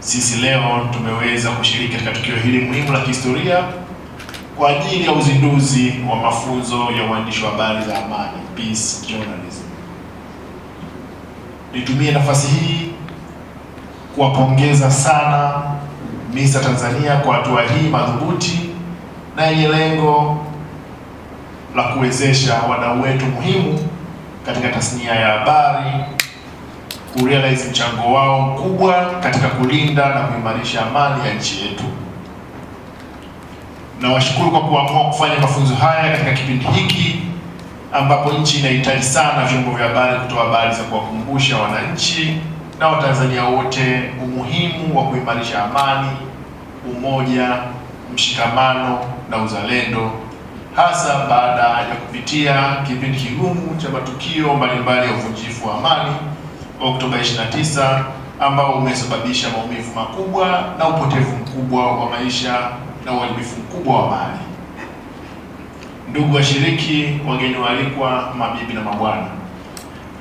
sisi leo tumeweza kushiriki katika tukio hili muhimu la kihistoria kwa ajili ya uzinduzi wa mafunzo ya uandishi wa habari za amani, peace journalism. Nitumie nafasi hii kuwapongeza sana MISA Tanzania kwa hatua hii madhubuti na yenye lengo la kuwezesha wadau wetu muhimu katika tasnia ya habari kurealize mchango wao mkubwa katika kulinda na kuimarisha amani ya nchi yetu. Nawashukuru kwa kuamua kufanya mafunzo haya katika kipindi hiki ambapo nchi inahitaji sana vyombo vya habari kutoa habari za kuwakumbusha wananchi na Watanzania wote umuhimu wa kuimarisha amani, umoja, mshikamano na uzalendo hasa baada ya kupitia kipindi kigumu cha matukio mbalimbali ya uvunjifu wa amani Oktoba 29 ambao umesababisha maumivu makubwa na upotevu mkubwa wa maisha na uharibifu mkubwa wa mali. Ndugu washiriki, wageni waalikwa, mabibi na mabwana,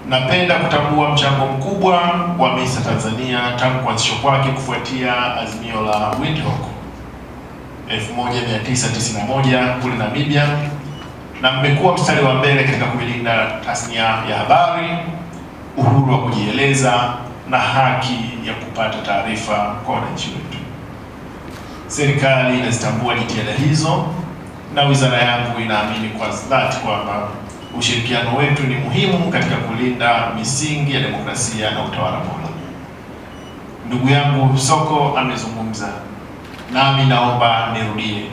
napenda kutambua mchango mkubwa wa MISA Tanzania tangu kuanzishwa kwake kufuatia azimio la Windhoek 1991 kule Namibia, na mmekuwa mstari wa mbele katika kuilinda tasnia ya habari uhuru wa kujieleza na haki ya kupata taarifa kwa wananchi wetu. Serikali inazitambua jitihada hizo na wizara yangu inaamini kwa dhati kwamba ushirikiano wetu ni muhimu katika kulinda misingi ya demokrasia na utawala bora. Ndugu yangu Soko amezungumza, nami naomba nirudie.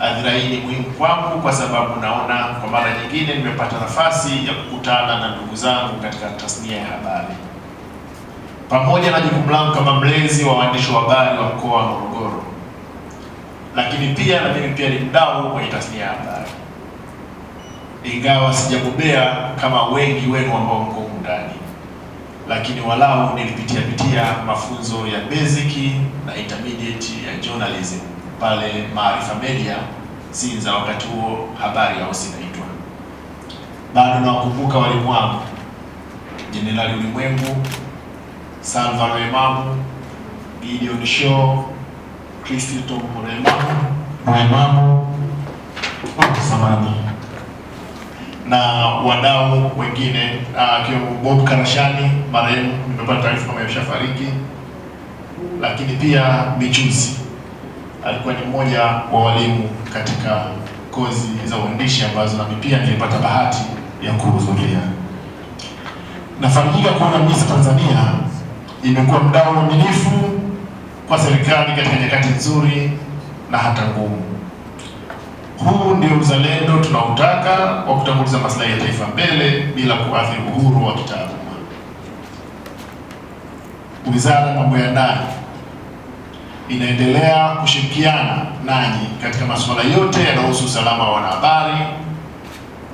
Adhira hii ni muhimu kwangu kwa sababu naona kwa mara nyingine nimepata nafasi ya kukutana na ndugu zangu katika tasnia ya habari. Pamoja na jukumu langu kama mlezi wa waandishi wa habari wa mkoa wa Morogoro, lakini pia na mimi pia ni mdau kwenye tasnia ya habari, ingawa sijabobea kama wengi wenu ambao mko ndani, lakini walau nilipitia pitia mafunzo ya basic na intermediate ya journalism pale Maarifa Media Sinza, wakati huo habari au sinaitwa bado. Nawakumbuka walimu wangu Jenerali Ulimwengu, Salva Rwemamu, Gideon Shaw, Kristo Rwemamu samani na wadau wengine akiwemo uh, Bob Karashani marehemu, nimepata taarifa kama yameshafariki, lakini pia michuzi alikuwa ni mmoja wa walimu katika kozi za uandishi ambazo nami pia nilipata bahati ya kuhudhuria. Nafarijika kuona MISA Tanzania imekuwa mdau mwaminifu kwa serikali katika nyakati nzuri na hata ngumu. Huu ndio uzalendo tunaotaka wa kutanguliza maslahi ya taifa mbele bila kuathiri uhuru wa kitaaluma. Wizara ya Mambo ya Ndani inaendelea kushirikiana nanyi katika masuala yote yanayohusu usalama wa wanahabari,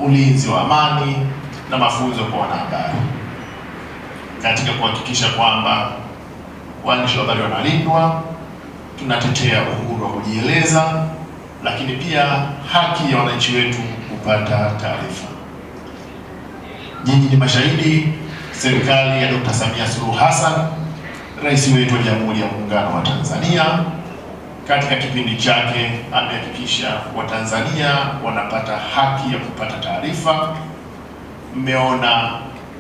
ulinzi wa amani na mafunzo kwa wanahabari katika kuhakikisha kwamba waandishi wa habari wanalindwa, tunatetea uhuru wa kujieleza, lakini pia haki ya wananchi wetu kupata taarifa. Nyinyi ni mashahidi, serikali ya Dkt. Samia Suluhu Hassan Rais wetu wa Jamhuri ya Muungano wa Tanzania katika kipindi chake amehakikisha Watanzania wanapata haki ya kupata taarifa. Mmeona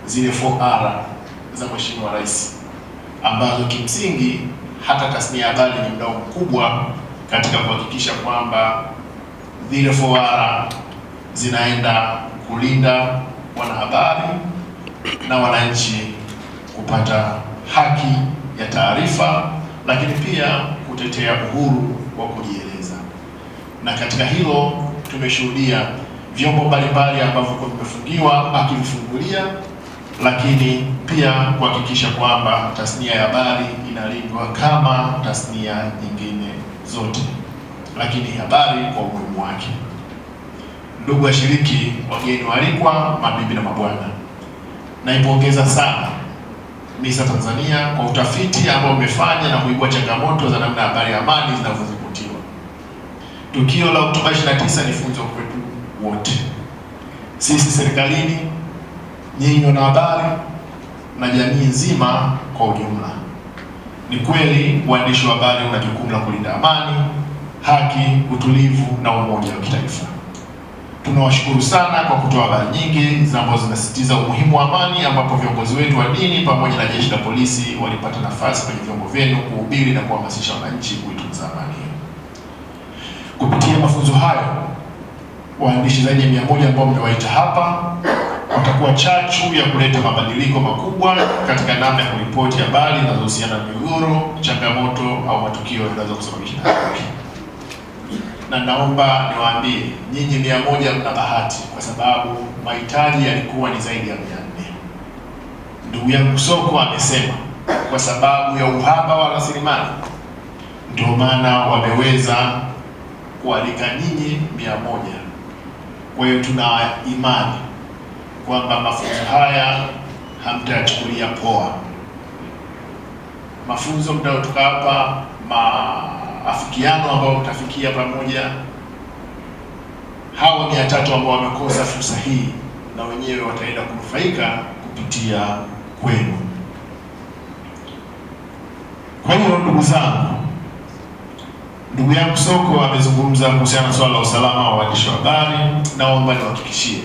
zile 4R za Mheshimiwa Rais ambazo kimsingi hata tasnia ya habari ni mdau mkubwa katika kuhakikisha kwamba zile 4R zinaenda kulinda wanahabari na wananchi kupata haki ya taarifa, lakini pia kutetea uhuru wa kujieleza. Na katika hilo tumeshuhudia vyombo mbalimbali ambavyo vimefungiwa akivifungulia, lakini pia kuhakikisha kwamba tasnia ya habari inalindwa kama tasnia nyingine zote, lakini habari kwa umuhimu wake. Ndugu washiriki, wageni waalikwa, mabibi na mabwana, naipongeza sana MISA Tanzania kwa utafiti ambao umefanya na kuibua changamoto za namna habari ya amani zinavyodhibitiwa. Tukio la Oktoba 29 ni funzo kwetu wote, sisi serikalini, nyinyi habari na jamii nzima kwa ujumla. Ni kweli uandishi wa habari una jukumu la kulinda amani, haki, utulivu na umoja wa kitaifa. Tunawashukuru sana kwa kutoa habari nyingi ambazo zinasisitiza umuhimu wa amani, ambapo viongozi wetu wa dini pamoja na jeshi la polisi walipata nafasi kwenye vyombo vyenu kuhubiri na kuhamasisha wananchi kuitunza amani. Kupitia mafunzo hayo, waandishi zaidi ya mia moja ambao mmewaita hapa watakuwa chachu ya kuleta mabadiliko makubwa katika namna ya kuripoti habari zinazohusiana na migogoro, changamoto au matukio yanayoweza kusababisha na naomba niwaambie nyinyi mia moja mna bahati, kwa sababu mahitaji yalikuwa ni zaidi ya mia nne. Ndugu yangu Soko amesema kwa sababu ya uhaba wa rasilimali ndio maana wameweza kualika nyinyi mia moja. Kwa hiyo tuna imani kwamba mafunzo haya hamtayachukulia poa. Mafunzo mnayotoka hapa ma afikiano ambao utafikia pamoja. Hawa mia tatu ambao wamekosa fursa hii na wenyewe wataenda kunufaika kupitia kwenu. Kwa hiyo ndugu zangu, ndugu yangu Soko amezungumza kuhusiana na swala la usalama wa waandishi wa habari. Naomba niwahakikishie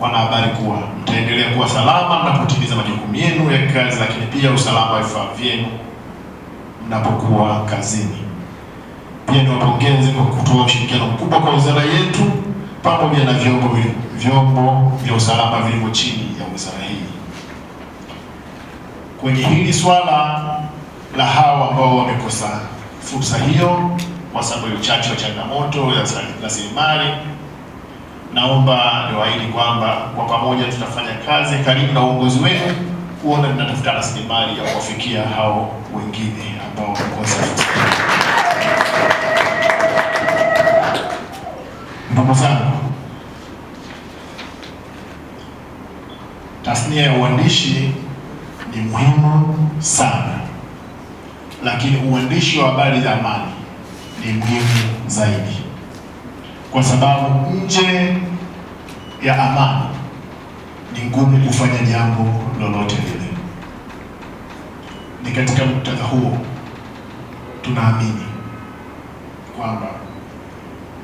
wanahabari kuwa mtaendelea kuwa salama mnapotimiza majukumu yenu ya kazi, lakini pia usalama wa vifaa vyenu napokuwa kazini. Pia niwapongeze kwa kutoa ushirikiano mkubwa kwa wizara yetu pamoja na vyombo vyombo vya usalama vilivyo chini ya wizara hii kwenye hili swala la hawa ambao wamekosa fursa hiyo kwa sababu ya uchache wa changamoto ya rasilimali. Naomba niwaahidi kwamba kwa pamoja tutafanya kazi karibu na uongozi wenu kuona mnatafuta rasilimali ya kuwafikia hao wengine ambao wamekosa. mama zangu. Tasnia ya uandishi ni muhimu sana, lakini uandishi wa habari za amani ni muhimu zaidi, kwa sababu nje ya amani ni ngumu kufanya jambo lolote lile. Ni katika muktadha huo tunaamini kwamba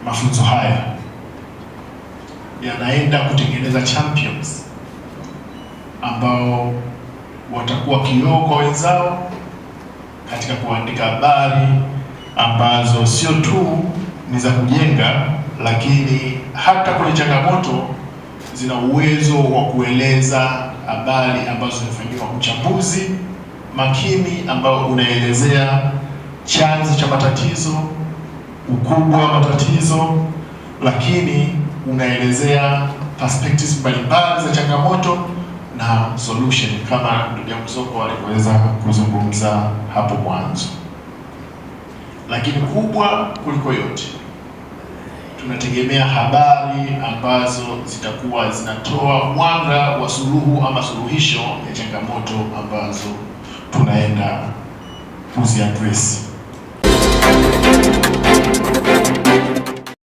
mafunzo haya yanaenda kutengeneza champions ambao watakuwa kioo kwa wenzao katika kuandika habari ambazo sio tu ni za kujenga, lakini hata kwenye changamoto zina uwezo wa kueleza habari ambazo zimefanyiwa uchambuzi makini ambao unaelezea chanzo cha matatizo, ukubwa wa matatizo, lakini unaelezea perspectives mbalimbali za changamoto na solution, kama ndugu yangu Soko alivyoweza kuzungumza hapo mwanzo. Lakini kubwa kuliko yote tunategemea habari ambazo zitakuwa zinatoa mwanga wa suluhu ama suluhisho ya changamoto ambazo tunaenda kuziadresi.